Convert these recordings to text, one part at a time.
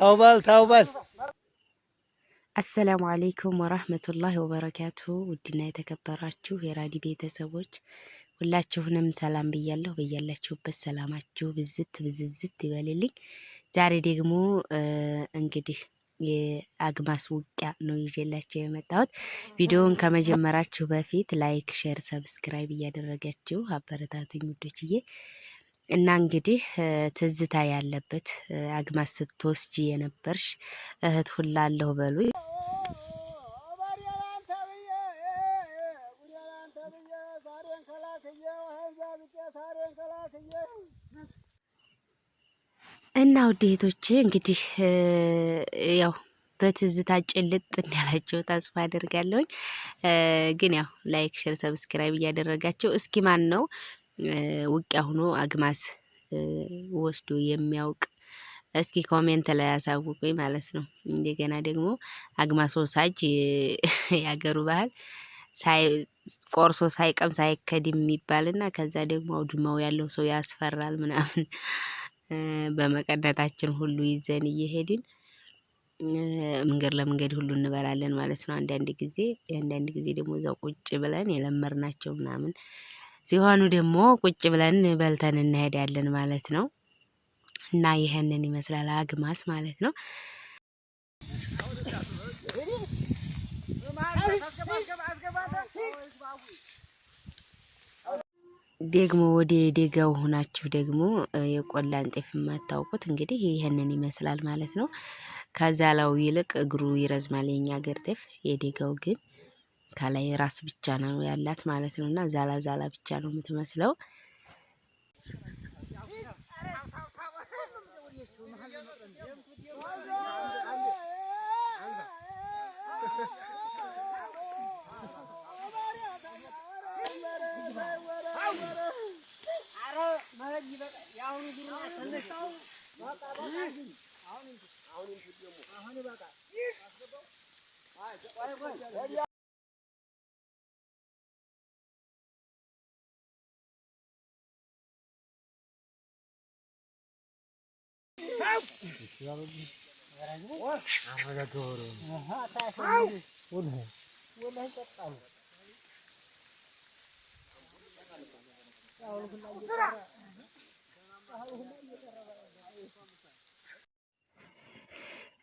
ታውባል ታውባል። አሰላሙ አሌይኩም ወራህመቱላሂ ወበረካቱ። ውድና የተከበራችሁ የራዲ ቤተሰቦች ሁላችሁንም ሰላም ብያለሁ። በያላችሁበት ሰላማችሁ ብዝት ብዝዝት ይበልልኝ። ዛሬ ደግሞ እንግዲህ የአግማስ ውቂያ ነው ይዤላቸው የመጣሁት። ቪዲዮውን ከመጀመራችሁ በፊት ላይክ፣ ሼር፣ ሰብስክራይብ እያደረጋችሁ አበረታቱኝ ውዶችዬ። እና እንግዲህ ትዝታ ያለበት አግማስ ስትወስጂ የነበርሽ እህት ሁላ አለሁ በሉ እና ውድ እንግዲህ ያው በትዝታ ጭልጥ እንዳላቸው ተስፋ አደርጋለሁኝ። ግን ያው ላይክ፣ ሸር፣ ሰብስክራይብ እያደረጋቸው እስኪ ማን ነው ውቅያ ሆኖ አግማስ ወስዶ የሚያውቅ እስኪ ኮሜንት ላይ ያሳውቁኝ ማለት ነው። እንደገና ደግሞ አግማስ ወሳጅ ያገሩ ባህል ቆርሶ ሳይቀምስ አይከድም እና ከዛ ደግሞ አውድማው ያለው ሰው ያስፈራል ምናምን በመቀነታችን ሁሉ ይዘን እየሄድን መንገድ ለመንገድ ሁሉ እንበላለን ማለት ነው። አንዳንድ ጊዜ አንዳንድ ጊዜ ደግሞ እዛው ቁጭ ብለን የለመድናቸው ምናምን ሲሆኑ ደግሞ ቁጭ ብለን በልተን እንሄዳለን ማለት ነው። እና ይህንን ይመስላል አግማስ ማለት ነው። ደግሞ ወደ ደጋው ሆናችሁ ደግሞ የቆላን ጤፍ የማታውቁት እንግዲህ ይህንን ይመስላል ማለት ነው። ከዛላው ይልቅ እግሩ ይረዝማል የኛ ገር ጤፍ፣ የደጋው ግን ከላይ ራስ ብቻ ነው ያላት ማለት ነው። እና ዛላ ዛላ ብቻ ነው የምትመስለው።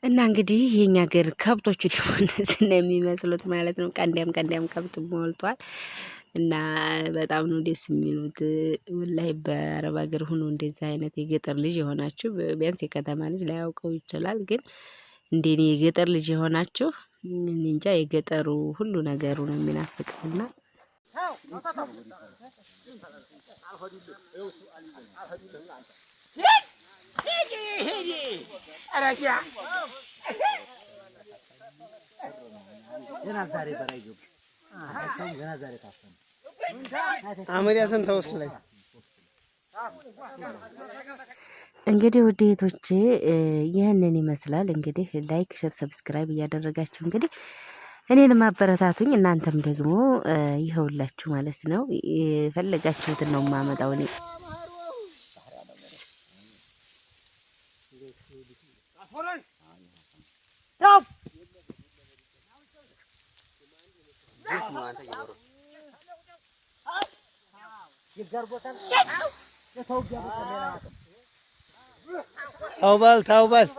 እና እንግዲህ የኛ ሀገር ከብቶቹ ደግሞ እነዚህ ነው የሚመስሉት ማለት ነው። ቀንዳም ቀንዳም ከብት ሞልቷል። እና በጣም ነው ደስ የሚሉት ወላሂ በአረብ ሀገር ሆኖ እንደዚህ አይነት የገጠር ልጅ የሆናችሁ ቢያንስ የከተማ ልጅ ላያውቀው ይችላል። ግን እንደኔ የገጠር ልጅ የሆናችሁ እኔ እንጃ የገጠሩ ሁሉ ነገሩ ነው የሚናፍቀውና ገና ዛሬ በራይ ገና ዛሬ ታፈነ እንግዲህ ውድ እህቶቼ ይህንን ይመስላል። እንግዲህ ላይክ፣ ሸር፣ ሰብስክራይብ እያደረጋችሁ እንግዲህ እኔን ማበረታቱኝ እናንተም ደግሞ ይኸውላችሁ ማለት ነው የፈለጋችሁትን ነው የማመጣው እኔ થાવ બસ થાવ બસ